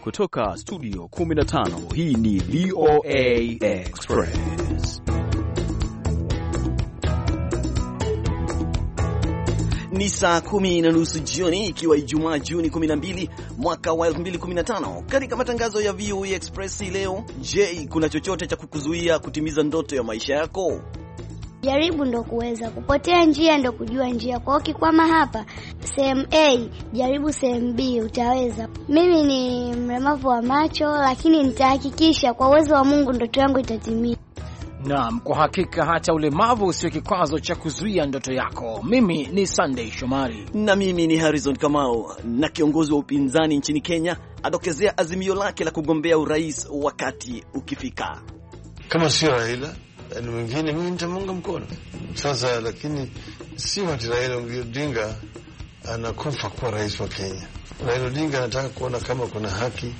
Kutoka studio 15 hii ni VOA Express. Ni saa kumi na nusu jioni ikiwa Ijumaa Juni 12 mwaka wa 2015. Katika matangazo ya VOA Express leo, je, kuna chochote cha kukuzuia kutimiza ndoto ya maisha yako? Jaribu ndo kuweza, kupotea njia ndo kujua njia. Kwa hiyo ukikwama hapa sehemu A, jaribu sehemu B, utaweza. Mimi ni mlemavu wa macho, lakini nitahakikisha kwa uwezo wa Mungu ndoto yangu itatimia. Naam, kwa hakika hata ulemavu sio kikwazo cha kuzuia ndoto yako. Mimi ni Sunday Shomari na mimi ni Harrison Kamau. Na kiongozi wa upinzani nchini Kenya adokezea azimio lake la kugombea urais wakati ukifika, kama sio Raila Eh, na mwingine, mimi nitamuunga mkono. Sasa lakini si wati Raila Odinga anakufa kuwa rais wa Kenya. Raila Odinga anataka kuona kama kuna haki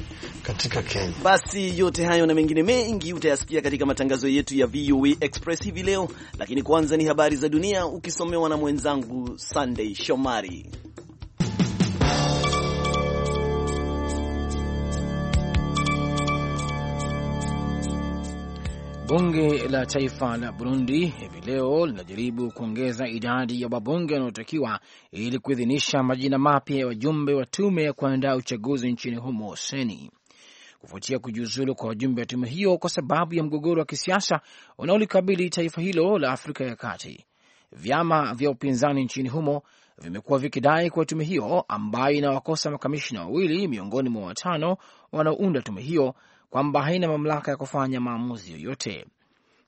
katika Kenya. Basi yote hayo na mengine mengi utayasikia katika matangazo yetu ya VOA Express hivi leo, lakini kwanza ni habari za dunia ukisomewa na mwenzangu Sunday Shomari. Bunge la Taifa la Burundi hivi leo linajaribu kuongeza idadi ya wabunge wanaotakiwa ili kuidhinisha majina mapya ya wajumbe wa tume ya kuandaa uchaguzi nchini humo seni kufuatia kujiuzulu kwa wajumbe wa tume hiyo kwa sababu ya mgogoro wa kisiasa unaolikabili taifa hilo la Afrika ya Kati. Vyama vya upinzani nchini humo vimekuwa vikidai kuwa tume hiyo ambayo inawakosa makamishina wawili miongoni mwa watano wanaounda tume hiyo kwamba haina mamlaka ya kufanya maamuzi yoyote.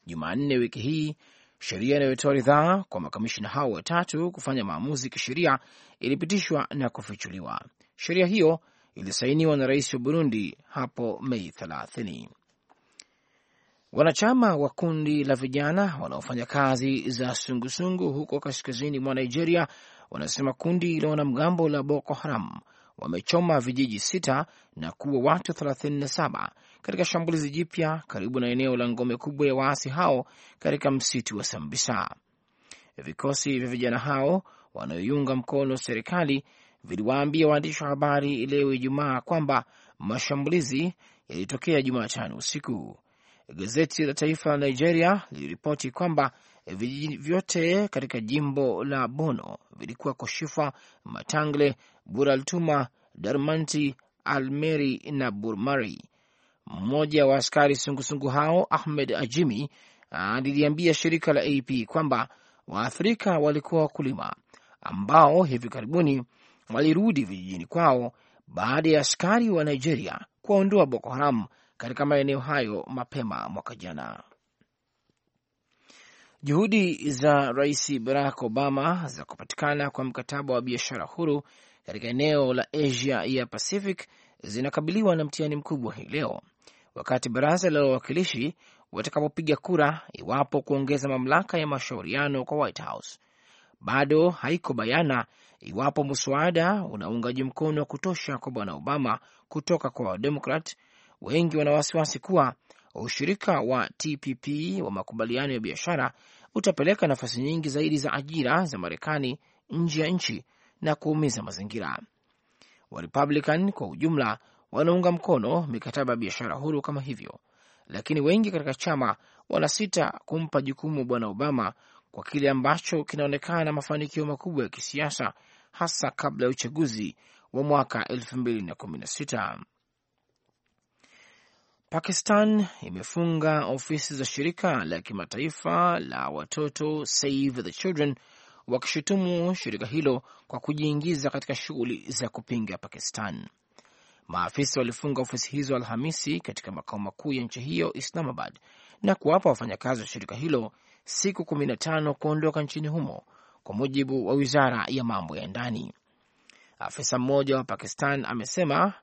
Jumanne wiki hii sheria inayotoa ridhaa kwa makamishina hao watatu kufanya maamuzi kisheria ilipitishwa na kufichuliwa. Sheria hiyo ilisainiwa na rais wa Burundi hapo Mei 30. Wanachama wa kundi la vijana wanaofanya kazi za sungusungu -sungu huko kaskazini mwa Nigeria wanasema kundi la wanamgambo la Boko Haram wamechoma vijiji sita na kuwa watu 37 katika shambulizi jipya karibu na eneo la ngome kubwa ya waasi hao katika msitu wa Sambisa. Vikosi vya vijana hao wanaoiunga mkono serikali viliwaambia waandishi wa habari leo Ijumaa kwamba mashambulizi yalitokea Jumatano usiku. Gazeti la taifa la Nigeria liliripoti kwamba vijiji vyote katika jimbo la Bono vilikuwa Koshifa, Matangle, Buraltuma, Darmanti, Almeri na Burmari mmoja wa askari sungusungu hao Ahmed Ajimi aliliambia shirika la AP kwamba waathirika walikuwa wakulima ambao hivi karibuni walirudi vijijini kwao baada ya askari wa Nigeria kuwaondoa Boko Haram katika maeneo hayo mapema mwaka jana. Juhudi za Rais Barack Obama za kupatikana kwa mkataba wa biashara huru katika eneo la Asia ya Pacific zinakabiliwa na mtihani mkubwa hii leo wakati baraza la wawakilishi watakapopiga kura iwapo kuongeza mamlaka ya mashauriano kwa White House. Bado haiko bayana iwapo mswada una uungaji mkono wa kutosha kwa bwana Obama kutoka kwa Wademokrat. Wengi wana wasiwasi kuwa ushirika wa TPP wa makubaliano ya biashara utapeleka nafasi nyingi zaidi za ajira za Marekani nje ya nchi na kuumiza mazingira. Warepublican kwa ujumla wanaunga mkono mikataba ya biashara huru kama hivyo, lakini wengi katika chama wanasita kumpa jukumu Bwana Obama kwa kile ambacho kinaonekana na mafanikio makubwa ya kisiasa, hasa kabla ya uchaguzi wa mwaka 2016. Pakistan imefunga ofisi za shirika la kimataifa la watoto Save the Children wakishutumu shirika hilo kwa kujiingiza katika shughuli za kupinga Pakistan. Maafisa walifunga ofisi hizo Alhamisi katika makao makuu ya nchi hiyo Islamabad na kuwapa wafanyakazi wa shirika hilo siku 15 kuondoka nchini humo, kwa mujibu wa wizara ya mambo ya ndani. Afisa mmoja wa Pakistan amesema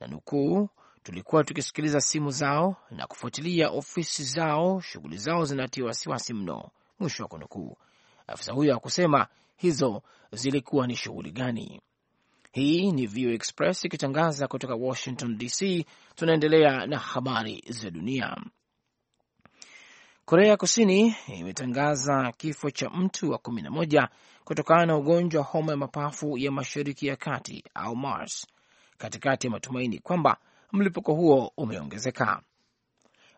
na nukuu, tulikuwa tukisikiliza simu zao na kufuatilia ofisi zao, shughuli zao zinatia wasiwasi mno, mwisho wa kunukuu. Afisa huyo hakusema hizo zilikuwa ni shughuli gani. Hii ni VOA Express ikitangaza kutoka Washington DC. Tunaendelea na habari za dunia. Korea Kusini imetangaza kifo cha mtu wa kumi na moja kutokana na ugonjwa wa homa ya mapafu ya mashariki ya kati au MARS katikati ya matumaini kwamba mlipuko huo umeongezeka.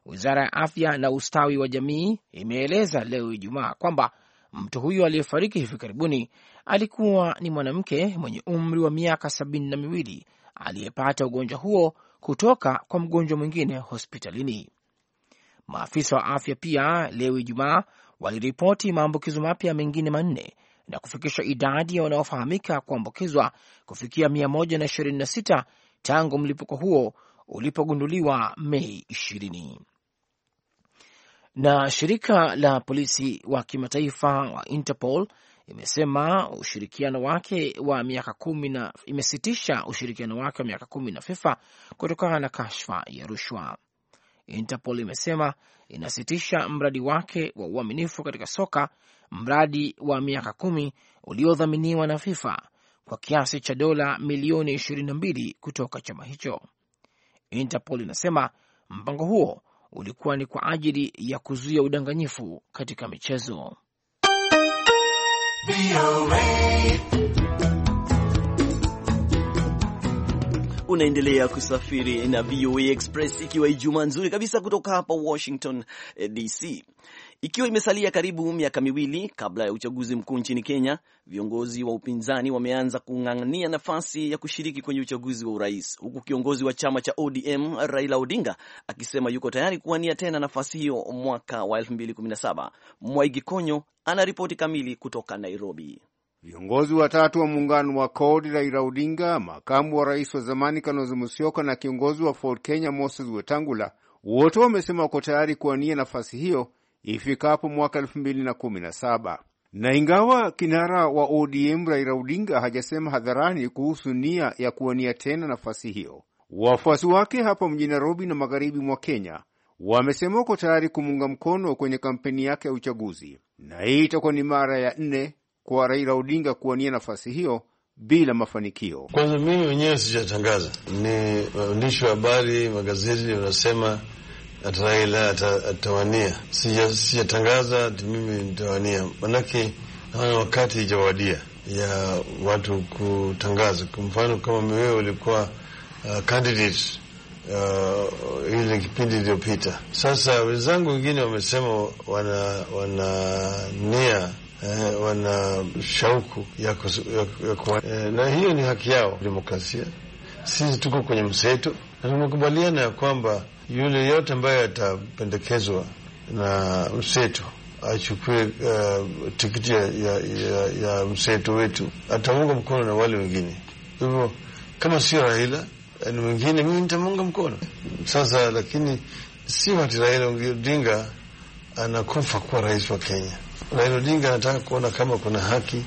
Wizara ya afya na ustawi wa jamii imeeleza leo Ijumaa kwamba Mtu huyo aliyefariki hivi karibuni alikuwa ni mwanamke mwenye umri wa miaka sabini na miwili aliyepata ugonjwa huo kutoka kwa mgonjwa mwingine hospitalini. Maafisa wa afya pia leo Ijumaa waliripoti maambukizo mapya mengine manne na kufikisha idadi ya wanaofahamika kuambukizwa kufikia 126 tangu mlipuko huo ulipogunduliwa Mei 20. Na shirika la polisi wa kimataifa wa Interpol imesema ushirikiano wake wa miaka kumi na imesitisha ushirikiano wake wa miaka kumi na FIFA kutokana na kashfa ya rushwa. Interpol imesema inasitisha mradi wake wa uaminifu katika soka, mradi wa miaka kumi uliodhaminiwa na FIFA kwa kiasi cha dola milioni 22 kutoka chama hicho. Interpol inasema mpango huo ulikuwa ni kwa ajili ya kuzuia udanganyifu katika michezo. Unaendelea kusafiri na VOA Express ikiwa Ijumaa nzuri kabisa kutoka hapa Washington eh, DC. Ikiwa imesalia karibu miaka miwili kabla ya uchaguzi mkuu nchini Kenya, viongozi wa upinzani wameanza kung'ang'ania nafasi ya kushiriki kwenye uchaguzi wa urais, huku kiongozi wa chama cha ODM Raila Odinga akisema yuko tayari kuwania tena nafasi hiyo mwaka wa 2017. Mwaigi Konyo ana ripoti kamili kutoka Nairobi. Viongozi watatu wa muungano wa CORD, Raila Odinga, makamu wa rais wa zamani Kalonzo Musyoka na kiongozi wa Ford Kenya Moses Wetangula, wote wamesema wako tayari kuwania nafasi hiyo ifikapo mwaka 2017 na ingawa kinara wa ODM Raila Odinga hajasema hadharani kuhusu nia ya kuwania tena nafasi hiyo, wafuasi wake hapa mjini Nairobi na magharibi mwa Kenya wamesema uko tayari kumuunga mkono kwenye kampeni yake ya uchaguzi, na hii itakuwa ni mara ya nne kwa Raila Odinga kuwania nafasi hiyo bila mafanikio. Kwanza mimi mwenyewe sijatangaza, ni waandishi wa habari magazeti wanasema atarai la atawania. Sijatangaza ati mimi nitawania, manake naona wakati ijawadia ya watu kutangaza. Kwa mfano kama wewe ulikuwa uh, candidate uh, ile kipindi iliyopita. Sasa wenzangu wengine wamesema wana, wana nia Eh, wana shauku ya ku, ya, ya ku, eh, na hiyo ni haki yao, demokrasia. Sisi tuko kwenye mseto na tumekubaliana ya kwamba yule yote ambaye atapendekezwa na mseto achukue uh, tikiti ya, ya, ya mseto wetu, ataunga mkono na wale wengine. Hivyo kama sio Raila eh, ni mwingine, mimi nitamunga mkono sasa, lakini sio wati Raila Odinga anakufa kuwa rais wa Kenya. Raila Odinga anataka kuona kama kuna haki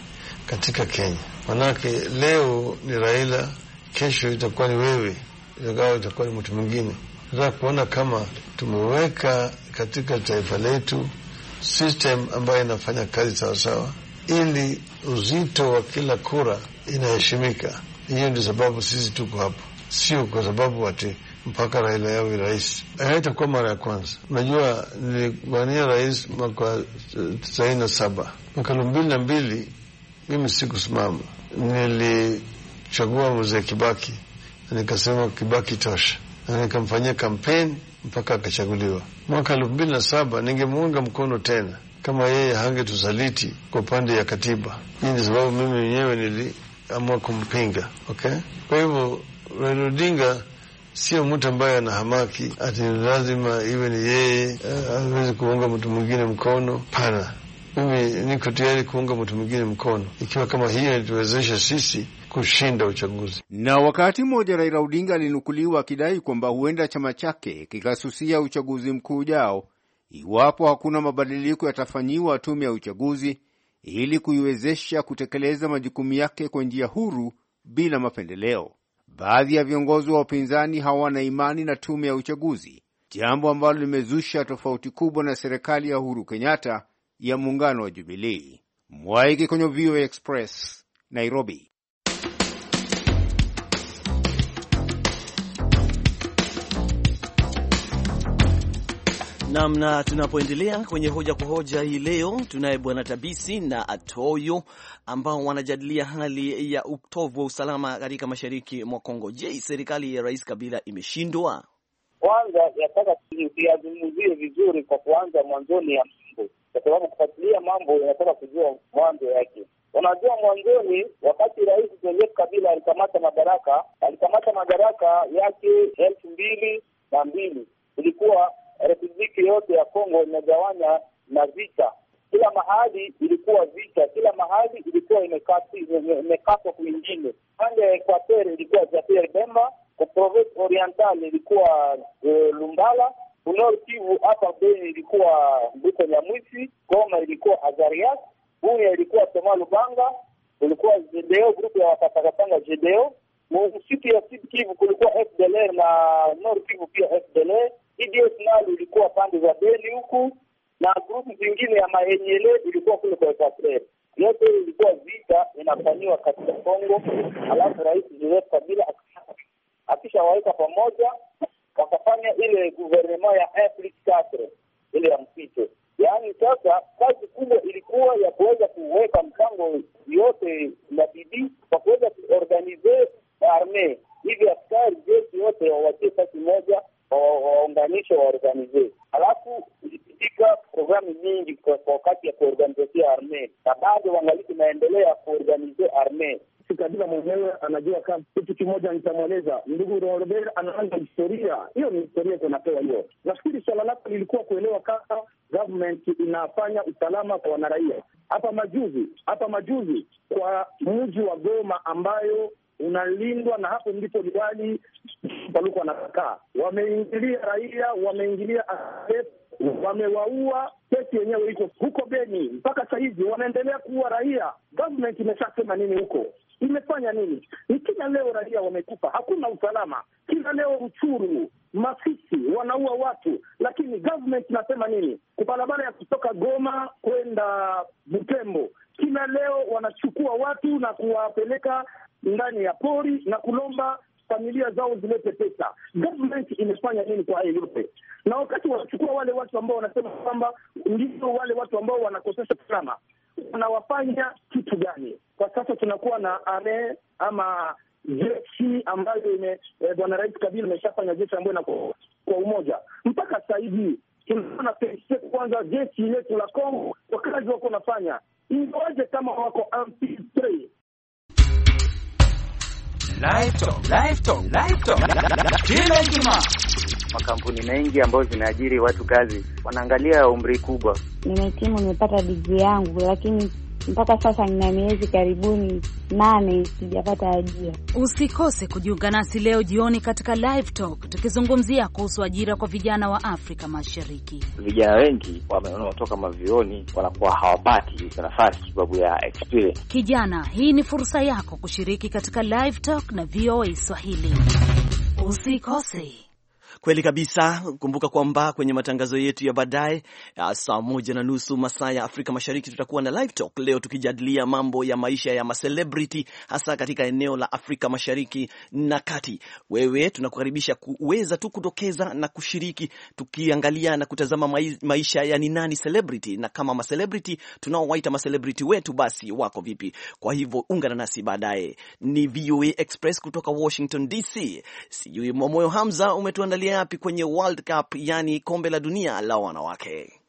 katika Kenya, manake leo ni Raila, kesho itakuwa ni wewe ingawa itakuwa ni mtu mwingine. Nataka kuona kama tumeweka katika taifa letu system ambayo inafanya kazi sawasawa, ili uzito wa kila kura inaheshimika. Hiyo ndio sababu sisi tuko hapa, sio kwa sababu ati mpaka Raila yawe rais. Haitakuwa mara ya kwanza. Unajua, niliwania rais mwaka tisaini na saba, mwaka elfu mbili na mbili mimi sikusimama, nilichagua mzee Kibaki nikasema Kibaki tosha, na nikamfanyia kampeni mpaka akachaguliwa mwaka elfu mbili na saba. Ningemuunga mkono tena kama yeye hangetusaliti kwa upande ya katiba. Hii ni sababu mimi mwenyewe niliamua kumpinga. Okay, kwa hivyo Raila Odinga sio mtu ambaye ana hamaki ati lazima iwe ni yeye, eh, awezi kuunga mtu mwingine mkono. Pana, mimi niko tayari kuunga mtu mwingine mkono ikiwa kama hiyo inatuwezesha sisi kushinda uchaguzi. Na wakati mmoja Raila Odinga alinukuliwa akidai kwamba huenda chama chake kikasusia uchaguzi mkuu ujao iwapo hakuna mabadiliko yatafanyiwa tume ya uchaguzi ili kuiwezesha kutekeleza majukumu yake kwa njia huru bila mapendeleo. Baadhi ya viongozi wa upinzani hawana imani na tume ya uchaguzi, jambo ambalo limezusha tofauti kubwa na serikali ya Uhuru Kenyatta ya muungano wa Jubilii. Mwaiki kwenye VOA Express, Nairobi. namna tunapoendelea kwenye hoja kwa hoja hii leo, tunaye bwana Tabisi na Atoyo ambao wanajadilia hali ya utovu wa usalama katika mashariki mwa Kongo. Je, serikali ya Rais Kabila imeshindwa? Kwanza yataka tuyazungumzie vizuri kwa kuanza mwanzoni ya mambo, kwa sababu kufuatilia mambo inataka kujua mwanzo yake. Unajua, mwanzoni wakati Rais Joseph Kabila alikamata madaraka, alikamata madaraka yake elfu mbili na mbili ilikuwa Mashariki yote ya Kongo imegawanya na vita, kila mahali ilikuwa vita, kila mahali ilikuwa imekatwa kwingine. Pande ya Equateur ilikuwa Jean-Pierre Bemba, kwa province oriental ilikuwa eh, Lumbala, Nord Kivu hapa Beni ilikuwa ya Nyamwisi, Goma ilikuwa Azarias, Bunia ilikuwa Toma Lubanga, kulikuwa Jedeo, grupu ya wakatakatanga gdo Msitu ya Sud Kivu kulikuwa FDLR na Nord Kivu pia FDLR. EDF nalo ilikuwa pande za Beni huku na grupu zingine ya maenyele ilikuwa kule kwa Equateur. Yote ilikuwa vita inafanyiwa katika Kongo, alafu rais Joseph Kabila akishawaweka pamoja wakafanya ile gouvernement ya 4 ile ya mpito. Yaani sasa kazi kubwa ilikuwa ya kuweza kuweka mpango yote na bidii kwa kuweza kuorganize armee hivi, askari jeshi yote wawatie fasi moja waunganishe waorganize. Alafu ika programu nyingi kwa wakati ya kuorganizia arme, na bado wangaliki naendelea ya kuorganize arme. Kabila mwenyewe anajua kama kitu kimoja, nitamweleza ndugu Robert, anaanza historia hiyo, ni historia iko hiyo. Nafikiri swala lako lilikuwa kuelewa kama government inafanya usalama kwa wanaraia. Hapa majuzi, hapa majuzi kwa mji wa Goma ambayo unalindwa na hapo ndipo liwali Paluku anakataa, wameingilia raia, wameingilia wamewaua. Kesi yenyewe iko huko Beni, mpaka sasa hivi wanaendelea kuua raia. Government imeshasema nini huko? Imefanya nini? Ni kila leo raia wamekufa, hakuna usalama, kila leo Ruchuru, Masisi wanaua watu, lakini government inasema nini? Kwa barabara ya kutoka Goma kwenda Butembo, kila leo wanachukua watu na kuwapeleka ndani ya pori na kulomba familia zao zilete pesa. Government imefanya nini kwa hayo yote? Na wakati wanachukua wale watu ambao wanasema kwamba ndio wale watu ambao wanakosesha salama, wanawafanya kitu gani? Kwa sasa tunakuwa na ane ama jeshi ambayo ime eh, bwana Rais Kabila ameshafanya jeshi ambayo inakuwa kwa umoja mpaka sasa hivi tunaona pese kwanza jeshi letu la Kongo wakazi wako nafanya ingawaje kama wako infiltre kila Ijumaa. Makampuni mengi ambayo zinaajiri watu kazi wanaangalia umri kubwa. Nimehitimu, nimepata digrii yangu, lakini mpaka sasa nina miezi karibuni nane sijapata ajira. Usikose kujiunga nasi leo jioni katika Live Talk tukizungumzia kuhusu ajira kwa vijana wa Afrika Mashariki. Vijana wengi wanaotoka mavioni wanakuwa hawapati nafasi sababu ya experience. Kijana, hii ni fursa yako kushiriki katika Live Talk na VOA Swahili, usikose. Kweli kabisa. Kumbuka kwamba kwenye matangazo yetu ya baadaye ah, saa moja na nusu masaa ya Afrika Mashariki tutakuwa na live talk, leo tukijadilia mambo ya maisha ya macelebrity, hasa katika eneo la Afrika Mashariki na Kati. Wewe tunakukaribisha kuweza tu kutokeza na kushiriki, tukiangalia na kutazama maisha ya ni nani celebrity, na kama macelebrity tunaowaita macelebrity wetu, basi wako vipi? Kwa hivyo ungana nasi baadaye. Ni VOA Express kutoka Washington DC. Sijui Mwamoyo Hamza umetuandalia yapi kwenye World Cup, yani kombe la dunia la wanawake.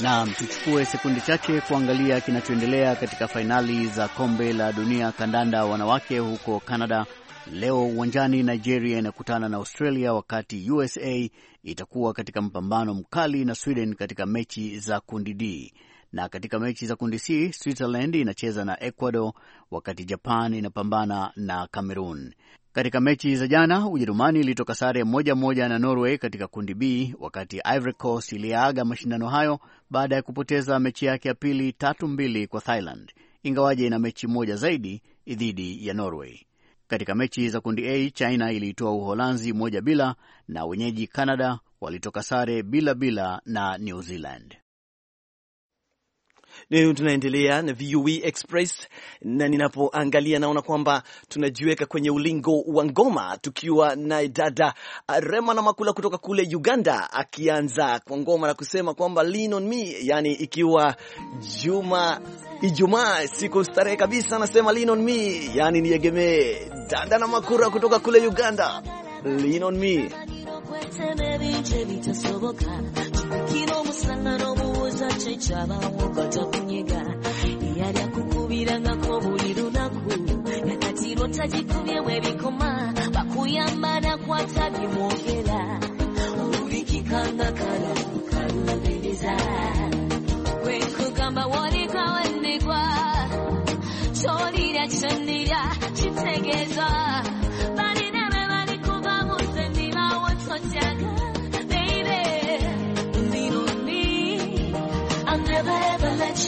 Naam, tuchukue sekunde chache kuangalia kinachoendelea katika fainali za kombe la dunia kandanda wanawake huko Canada. Leo uwanjani Nigeria inakutana na Australia, wakati USA itakuwa katika mpambano mkali na Sweden katika mechi za kundi D. Na katika mechi za kundi C, Switzerland inacheza na Ecuador wakati Japan inapambana na Cameroon. Katika mechi za jana, Ujerumani ilitoka sare moja moja na Norway katika kundi B, wakati Ivory Coast iliyaaga mashindano hayo baada ya kupoteza mechi yake ya pili tatu mbili kwa Thailand, ingawaje ina mechi moja zaidi dhidi ya Norway. Katika mechi za kundi A, China iliitoa Uholanzi moja bila, na wenyeji Canada walitoka sare bila bila na New Zealand. Leo tunaendelea na VUE Express na ninapoangalia naona kwamba tunajiweka kwenye ulingo wa ngoma tukiwa na dada Rema na Makula kutoka kule Uganda, akianza kwa ngoma na kusema kwamba lean on me, yani ikiwa juma Ijumaa siku starehe kabisa, anasema lean on me, yani niegemee. Dada na Makura kutoka kule Uganda, lean on me ekyo ekyabawo nga takunyiga eyali akukubirangako buli lunaku nakati lwotagikubyemu ebikoma bakuyamba nakwata bimwogera olulikika nga kalamu kalubereza bwenkugamba wolikawendigwa kyolirya kyennirya kitegeeza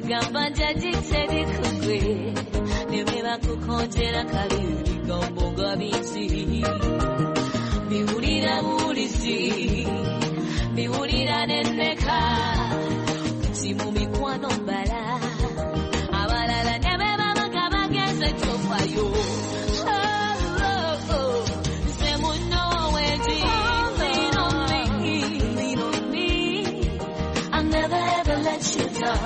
kwegamba jjaji kugwe ne bwe kabiri gamboga binsi biwulira biwulira mu mikwano mbala abalala tofayo oh, oh, oh. Never ever let you down.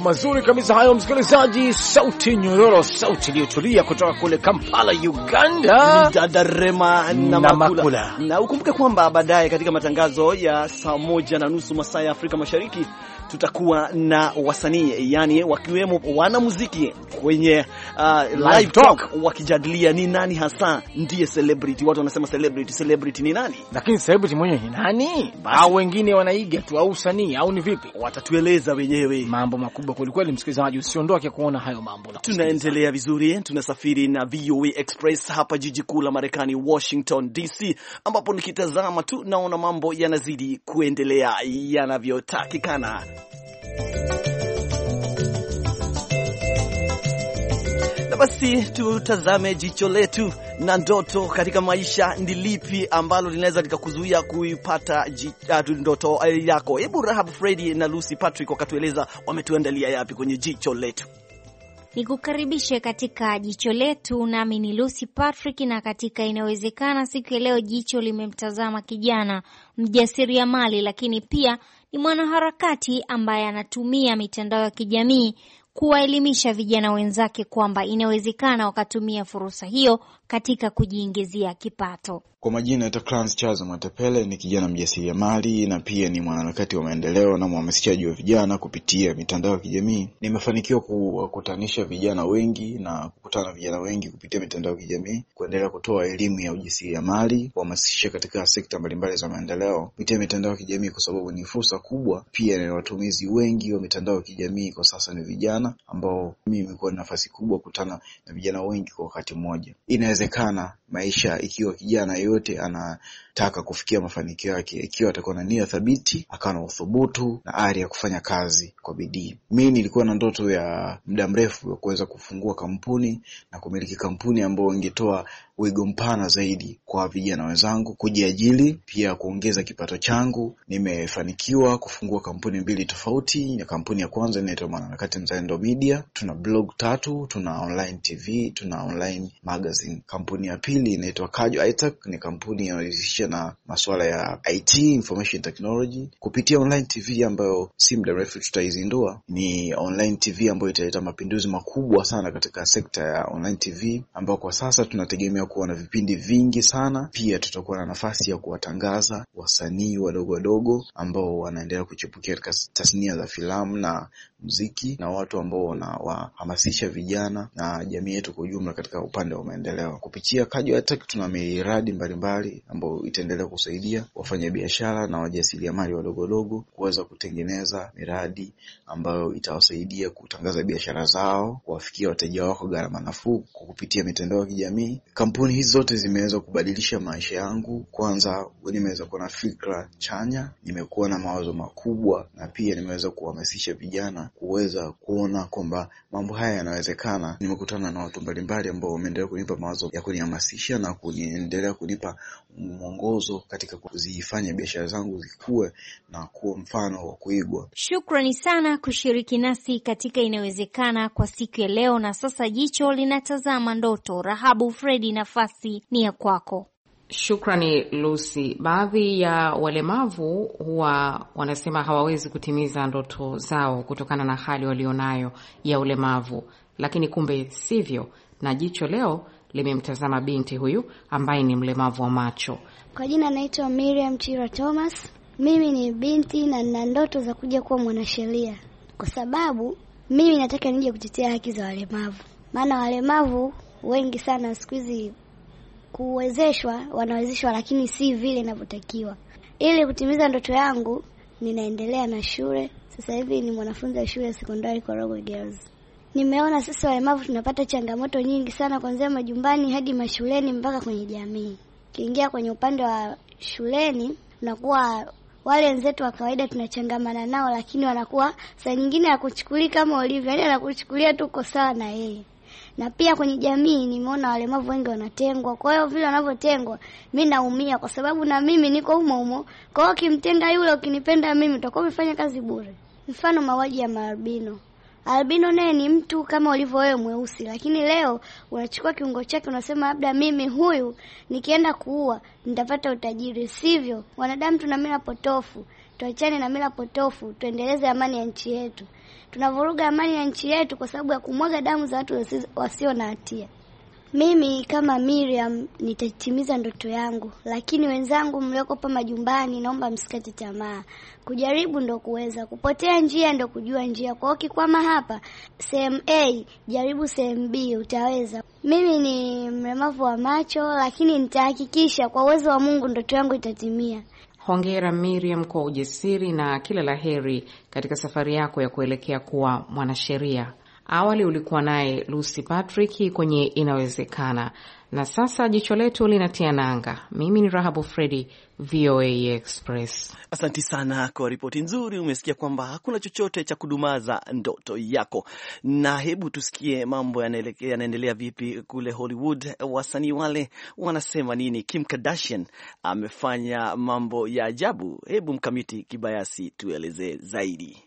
mazuri kabisa hayo, msikilizaji. Sauti nyororo, sauti iliyotulia kutoka kule Kampala, Uganda, dada Rema na, na Makula. Na ukumbuke kwamba baadaye katika matangazo ya saa moja na nusu masaa ya Afrika Mashariki tutakuwa na wasanii yani, wakiwemo wanamuziki kwenye uh, live talk wakijadilia ni nani hasa ndiye celebrity. Watu wanasema celebrity, celebrity ni nani, lakini celebrity mwenye ni nani? Au wengine wanaiga tu, au usanii, au ni vipi? Watatueleza wenyewe mambo makubwa kubwa kwelikweli. Msikilizaji, usiondoke kuona hayo mambo. Tunaendelea vizuri, tunasafiri na VOA Express hapa jiji kuu la Marekani, Washington DC, ambapo nikitazama tu naona mambo yanazidi kuendelea yanavyotakikana. basi tutazame jicho letu na ndoto katika maisha. Ni lipi ambalo linaweza likakuzuia kuipata ah, ndoto eh, yako? Hebu Rahab Fredi na Lucy Patrick wakatueleza wametuandalia yapi kwenye jicho letu. Nikukaribishe katika jicho letu, nami ni Lucy Patrick, na katika inawezekana siku ya leo jicho limemtazama kijana mjasiriamali, lakini pia ni mwanaharakati ambaye anatumia mitandao ya kijamii kuwaelimisha vijana wenzake kwamba inawezekana wakatumia fursa hiyo katika kujiingizia kipato. Kwa majina naitwa Clarence Charles Mwatepele, ni kijana mjasiriamali na pia ni mwanaharakati wa maendeleo na mhamasishaji wa vijana kupitia mitandao ya kijamii. Nimefanikiwa kuwakutanisha vijana wengi na kukutana na vijana wengi kupitia mitandao ya kijamii, kuendelea kutoa elimu ya ujasiriamali, kuhamasisha katika sekta mbalimbali za maendeleo kupitia mitandao ya kijamii, kwa sababu ni fursa kubwa. Pia ni watumizi wengi wa mitandao ya kijamii kwa sasa ni vijana, ambao mimi imekuwa nafasi kubwa kukutana na vijana wengi kwa wakati mmoja. Inawezekana maisha ikiwa kijana yeyote anayotaka kufikia mafanikio yake, ikiwa atakuwa na nia thabiti, akawa na uthubutu na ari ya kufanya kazi kwa bidii. Mi nilikuwa na ndoto ya muda mrefu ya kuweza kufungua kampuni na kumiliki kampuni ambayo ingetoa wigo mpana zaidi kwa vijana wenzangu kujiajili, pia kuongeza kipato changu. Nimefanikiwa kufungua kampuni mbili tofauti. kampuni ya kwanza inaitwa Mwanaharakati Mzalendo Media, tuna blog tatu, tuna online TV, tuna online magazine. Kampuni ya pili inaitwa Kajo Itak, ni kampuni inayohusisha na masuala ya IT, information technology, kupitia online TV ambayo si muda mrefu tutaizindua. Ni online TV ambayo italeta mapinduzi makubwa sana katika sekta ya online TV, ambayo kwa sasa tunategemea kuwa na vipindi vingi sana. Pia tutakuwa na nafasi ya kuwatangaza wasanii wadogo wadogo ambao wanaendelea kuchipukia katika tasnia za filamu na muziki na watu ambao wanawahamasisha vijana na jamii yetu kwa ujumla katika upande wa maendeleo. Kupitia Tech tuna miradi mbalimbali ambayo itaendelea kusaidia wafanyabiashara na wajasiriamali wadogodogo kuweza kutengeneza miradi ambayo itawasaidia kutangaza biashara zao, kuwafikia wateja wao kwa gharama nafuu kwa kupitia mitandao ya kijamii. Kampuni hizi zote zimeweza kubadilisha maisha yangu. Kwanza nimeweza kuwa na fikra chanya, nimekuwa na mawazo makubwa, na pia nimeweza kuhamasisha vijana kuweza kuona kwamba mambo haya yanawezekana. Nimekutana na watu mbalimbali ambao wameendelea kunipa mawazo ya kunihamasisha na kuniendelea kunipa mwongozo katika kuzifanya biashara zangu zikuwe na kuwa mfano wa kuigwa. Shukrani sana kushiriki nasi katika inawezekana kwa siku ya leo. Na sasa jicho linatazama ndoto. Rahabu Fredi, nafasi ni ya kwako. Shukrani Lucy. Baadhi ya walemavu huwa wanasema hawawezi kutimiza ndoto zao kutokana na hali walionayo ya ulemavu, lakini kumbe sivyo. Na jicho leo limemtazama binti huyu ambaye ni mlemavu wa macho. Kwa jina anaitwa Miriam Chira Thomas. Mimi ni binti na nina ndoto za kuja kuwa mwanasheria, kwa sababu mimi nataka nije kutetea haki za walemavu, maana walemavu wengi sana siku hizi kuwezeshwa, wanawezeshwa lakini si vile inavyotakiwa. Ili kutimiza ndoto yangu, ninaendelea na shule. Sasa hivi ni mwanafunzi wa shule ya sekondari Korogwe Girls. Nimeona sisi walemavu tunapata changamoto nyingi sana, kuanzia majumbani hadi mashuleni mpaka kwenye jamii. Ukiingia kwenye upande wa shuleni, nakuwa wale wenzetu wa kawaida tunachangamana nao, lakini wanakuwa saa nyingine hakuchukulii kama ulivyo, yani anakuchukulia tu uko sawa na yeye na pia kwenye jamii nimeona walemavu wengi wanatengwa. Kwa hiyo vile wanavyotengwa, mi naumia kwa sababu na mimi niko humo humo. Kwa hiyo ukimtenga yule, ukinipenda mimi, utakuwa umefanya kazi bure. Mfano mauaji ya maalbino Albino naye ni mtu kama ulivyo wewe mweusi, lakini leo unachukua kiungo chake, unasema labda mimi huyu nikienda kuua nitapata utajiri. Sivyo, wanadamu tuna mila potofu, tuachane na mila potofu, tuendeleze amani ya nchi yetu. Tunavuruga amani ya nchi yetu kwa sababu ya kumwaga damu za watu wasio na hatia. Mimi kama Miriam nitatimiza ndoto yangu, lakini wenzangu mlioko pa majumbani, naomba msikate tamaa. Kujaribu ndo kuweza, kupotea njia ndo kujua njia. Kwa hiyo ukikwama hapa sehemu A, jaribu sehemu B, utaweza. Mimi ni mlemavu wa macho, lakini nitahakikisha kwa uwezo wa Mungu ndoto yangu itatimia. Hongera Miriam kwa ujasiri na kila la heri katika safari yako ya kuelekea kuwa mwanasheria. Awali ulikuwa naye Lucy Patrick kwenye Inawezekana, na sasa jicho letu linatia nanga. Mimi ni Rahabu Fredi, VOA Express. Asanti sana kwa ripoti nzuri. Umesikia kwamba hakuna chochote cha kudumaza ndoto yako, na hebu tusikie mambo yanaendelea vipi kule Hollywood. Wasanii wale wanasema nini? Kim Kardashian amefanya mambo ya ajabu. Hebu Mkamiti Kibayasi tuelezee zaidi.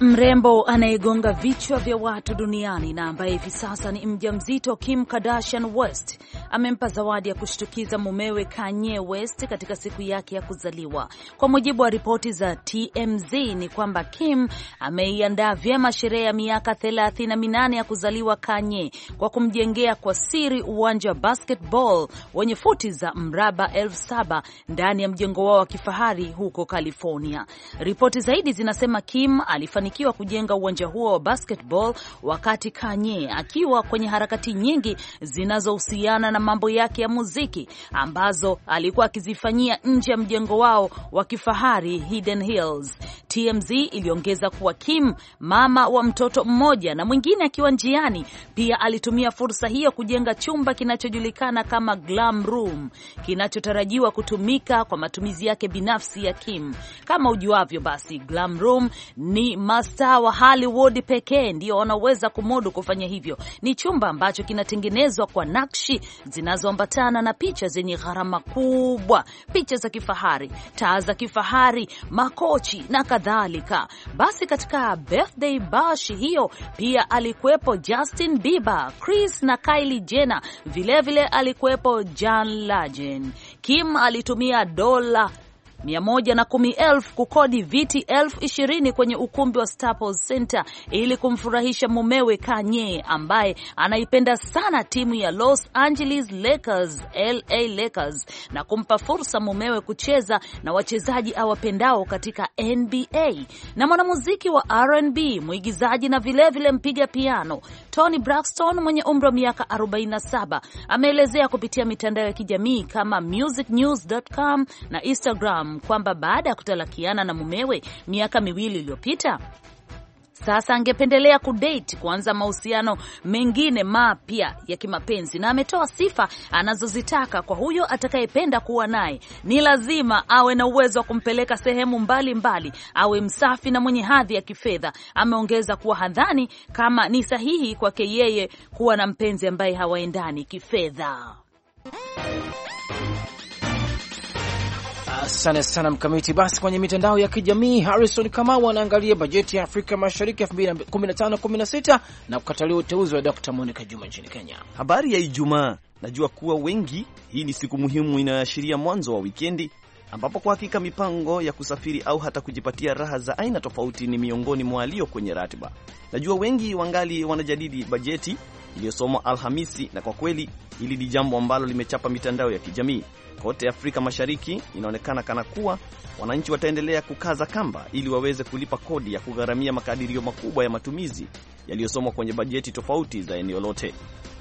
Mrembo anayegonga vichwa vya watu duniani na ambaye hivi sasa ni mjamzito, Kim Kardashian West amempa zawadi ya kushtukiza mumewe Kanye West katika siku yake ya kuzaliwa. Kwa mujibu wa ripoti za TMZ ni kwamba Kim ameiandaa vyema sherehe ya miaka 38 ya kuzaliwa Kanye kwa kumjengea kwa siri uwanja wa basketball wenye futi za mraba elfu saba ndani ya mjengo wao wa kifahari huko California. Ripoti zaidi zinasema Kim alifanikiwa akiwa kujenga uwanja huo wa basketball, wakati Kanye akiwa kwenye harakati nyingi zinazohusiana na mambo yake ya muziki ambazo alikuwa akizifanyia nje ya mjengo wao wa kifahari Hidden Hills. TMZ iliongeza kuwa Kim, mama wa mtoto mmoja na mwingine akiwa njiani, pia alitumia fursa hiyo kujenga chumba kinachojulikana kama glam room kinachotarajiwa kutumika kwa matumizi yake binafsi ya Kim. Kama ujuavyo, basi glam room ni ma mastaa wa Hollywood pekee ndio wanaweza kumudu kufanya hivyo. Ni chumba ambacho kinatengenezwa kwa nakshi zinazoambatana na picha zenye gharama kubwa, picha za kifahari, taa za kifahari, makochi na kadhalika. Basi katika birthday bash hiyo pia alikuwepo Justin Bieber, Chris na Kylie Jenner, vilevile alikuwepo John Legend. Kim alitumia dola 110,000 kukodi viti 20,000 kwenye ukumbi wa Staples Center ili kumfurahisha mumewe Kanye ambaye anaipenda sana timu ya Los Angeles Lakers, LA Lakers, na kumpa fursa mumewe kucheza na wachezaji awapendao katika NBA. Na mwanamuziki wa R&B, mwigizaji na vilevile vile mpiga piano Tony Braxton mwenye umri wa miaka 47 ameelezea kupitia mitandao ya kijamii kama musicnews.com na Instagram kwamba baada ya kutalakiana na mumewe miaka miwili iliyopita sasa angependelea kudate, kuanza mahusiano mengine mapya ya kimapenzi, na ametoa sifa anazozitaka kwa huyo atakayependa kuwa naye. Ni lazima awe na uwezo wa kumpeleka sehemu mbalimbali mbali, awe msafi na mwenye hadhi ya kifedha. Ameongeza kuwa hadhani kama ni sahihi kwake yeye kuwa na mpenzi ambaye hawaendani kifedha. Asante sana Mkamiti. Basi kwenye mitandao ya kijamii, Harrison Kamau anaangalia bajeti ya Afrika Mashariki 2015-16 na kukataliwa uteuzi wa Dr. Monica Juma nchini Kenya. Habari ya Ijumaa. Najua kuwa wengi, hii ni siku muhimu inayoashiria mwanzo wa wikendi, ambapo kwa hakika mipango ya kusafiri au hata kujipatia raha za aina tofauti ni miongoni mwa walio kwenye ratiba. Najua wengi wangali wanajadili bajeti iliyosomwa Alhamisi, na kwa kweli hili ni jambo ambalo limechapa mitandao ya kijamii kote Afrika Mashariki. Inaonekana kana kuwa wananchi wataendelea kukaza kamba ili waweze kulipa kodi ya kugharamia makadirio makubwa ya matumizi yaliyosomwa kwenye bajeti tofauti za eneo lote.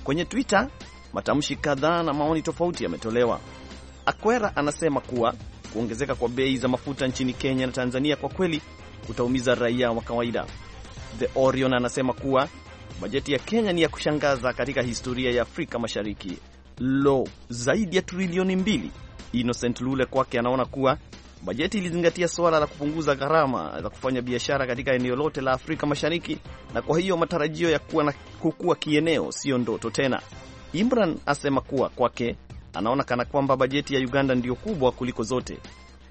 Kwenye Twitter, matamshi kadhaa na maoni tofauti yametolewa. Akwera anasema kuwa kuongezeka kwa bei za mafuta nchini Kenya na Tanzania kwa kweli kutaumiza raia wa kawaida. The Orion anasema kuwa Bajeti ya Kenya ni ya kushangaza katika historia ya Afrika Mashariki. Lo, zaidi ya trilioni mbili. Innocent Lule kwake anaona kuwa bajeti ilizingatia suala la kupunguza gharama za kufanya biashara katika eneo lote la Afrika Mashariki, na kwa hiyo matarajio ya kuwa na kukua kieneo siyo ndoto tena. Imran asema kuwa kwake anaona kana kwamba bajeti ya Uganda ndiyo kubwa kuliko zote,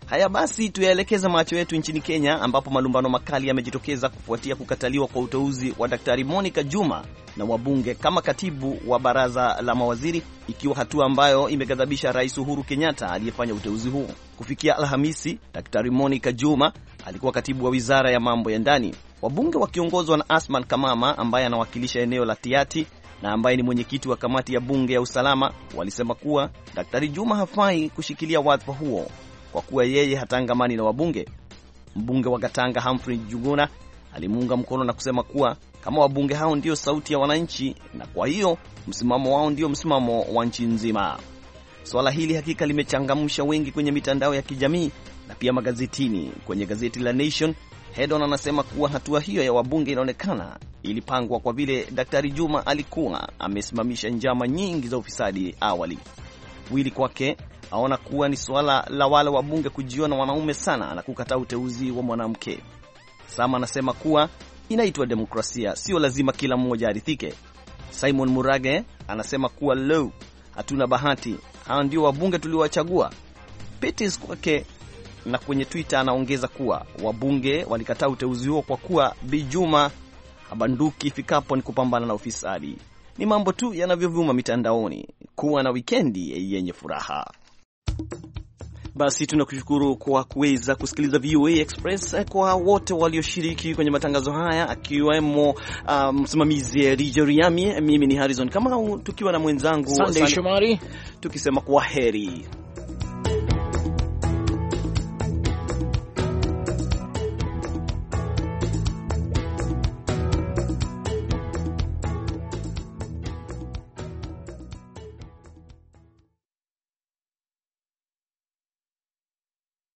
Haya basi, tuyaelekeza macho yetu nchini Kenya ambapo malumbano makali yamejitokeza kufuatia kukataliwa kwa uteuzi wa Daktari Monica Juma na wabunge kama katibu wa baraza la mawaziri, ikiwa hatua ambayo imeghadhabisha Rais Uhuru Kenyatta aliyefanya uteuzi huo. Kufikia Alhamisi, Daktari Monica Juma alikuwa katibu wa wizara ya mambo ya ndani, wabunge wakiongozwa na Asman Kamama ambaye anawakilisha eneo la Tiati na ambaye ni mwenyekiti wa kamati ya bunge ya usalama walisema kuwa Daktari Juma hafai kushikilia wadhifa huo kwa kuwa yeye hatangamani na wabunge. Mbunge wa Gatanga Humphrey Juguna alimuunga mkono na kusema kuwa kama wabunge hao ndio sauti ya wananchi, na kwa hiyo msimamo wao ndio msimamo wa nchi nzima. Suala hili hakika limechangamsha wengi kwenye mitandao ya kijamii na pia magazetini. Kwenye gazeti la Nation, Hedon anasema kuwa hatua hiyo ya wabunge inaonekana ilipangwa kwa vile Daktari Juma alikuwa amesimamisha njama nyingi za ufisadi awali. Wili kwake aona kuwa ni suala la wale wabunge kujiona wanaume sana na kukataa uteuzi wa mwanamke. Sama anasema kuwa inaitwa demokrasia, sio lazima kila mmoja arithike Simon Murage anasema kuwa leo hatuna bahati, hawa ndio wabunge tuliowachagua. Petis kwake na kwenye Twitter anaongeza kuwa wabunge walikataa uteuzi huo kwa kuwa bijuma habanduki ifikapo ni kupambana na ufisadi. Ni mambo tu yanavyovuma mitandaoni. Kuwa na wikendi yenye furaha. Basi tunakushukuru kwa kuweza kusikiliza VOA Express, kwa wote walioshiriki kwenye matangazo haya, akiwemo uh, msimamizi um, Rijo Riami. Mimi ni Harrison Kamau, tukiwa na mwenzangu Sunday Shomari, tukisema kwa heri.